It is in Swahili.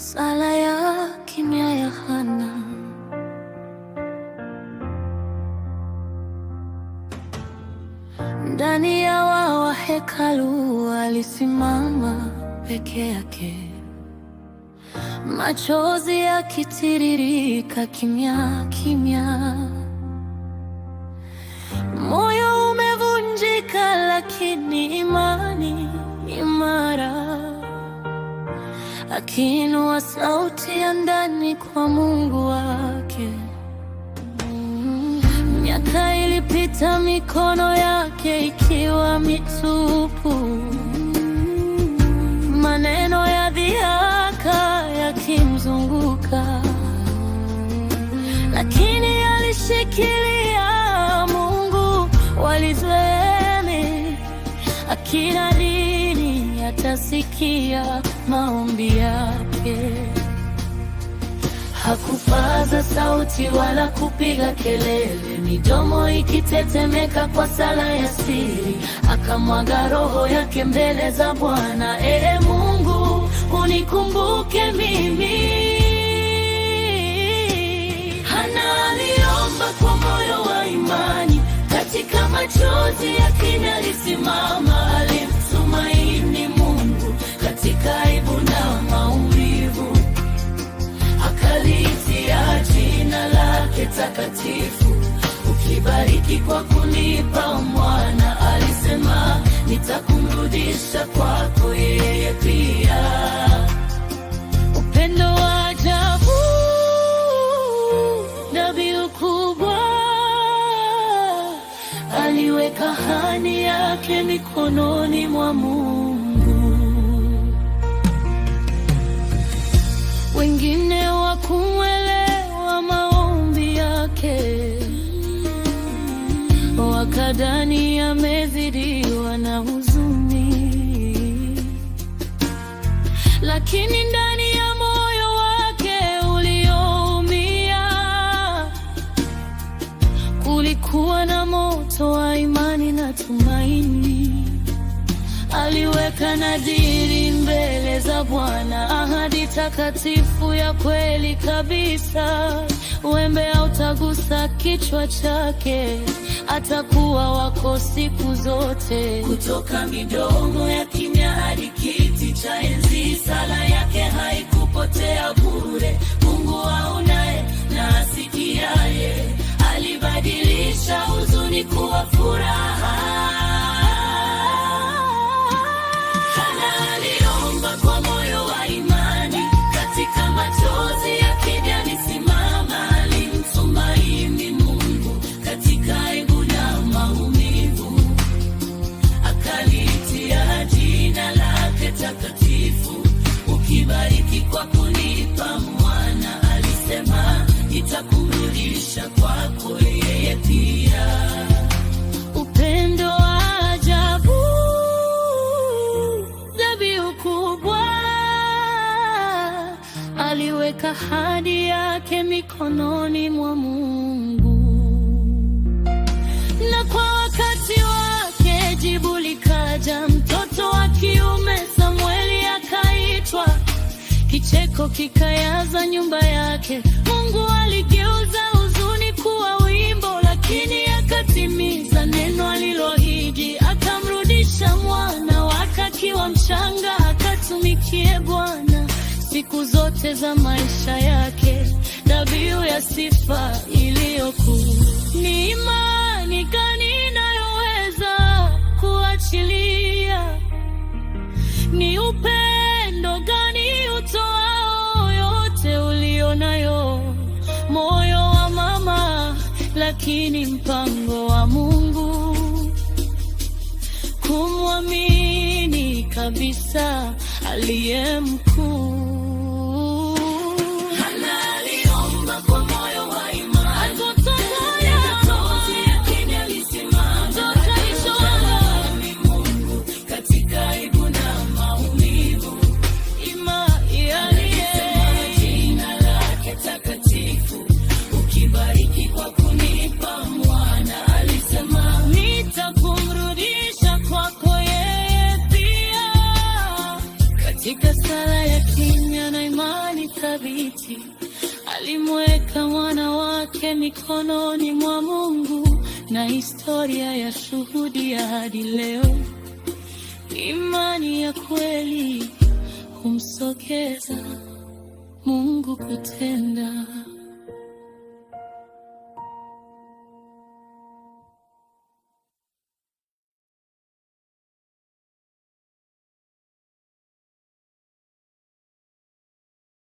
Sala ya kimya ya Hana ndani ya wao wa hekalu, alisimama peke yake, machozi yakitiririka kimya kimya, moyo umevunjika, lakini imani akiinua sauti ya ndani kwa Mungu wake. Miaka ilipita mikono yake ikiwa mitupu, maneno ya dhihaka yakimzunguka, lakini alishikilia Mungu walizeni akinari atasikia maombi yake. Hakupaza sauti wala kupiga kelele, midomo ikitetemeka kwa sala ya siri, akamwaga roho yake mbele za Bwana. Ee Mungu, unikumbuke mimi. Hana aliomba kwa moyo wa imani, katika machozi yake kina alisimama haki kwa kunipa mwana, alisema nitakumrudisha kwako yeye pia. Upendo wa ajabu na biu aliweka hani yake mikononi mwa Mungu wengine Adani amezidiwa na huzuni, lakini ndani ya moyo wake ulioumia kulikuwa na moto wa imani na tumaini. Aliweka nadhiri mbele za Bwana, ahadi takatifu ya kweli kabisa, wembe hautagusa kichwa chake atakuwa wako siku zote, kutoka midomo ya kimya hadi kiti haki kwa kunipa mwana, alisema itakurudisha kwako yeye pia. Upendo wa ajabu, aliweka hadi yake mikononi mwa Mungu. Kicheko kikayaza nyumba yake. Mungu aligeuza huzuni kuwa wimbo, lakini akatimiza neno aliloahidi, akamrudisha mwana wake akiwa mchanga, akatumikie Bwana siku zote za maisha yake, dhabihu ya sifa iliyokuu lakini mpango wa Mungu, kumwamini kabisa aliye mkuu. kimya na imani thabiti, alimweka mwana wake mikononi mwa Mungu, na historia ya shuhudi ya hadi leo. Imani ya kweli humsogeza Mungu kutenda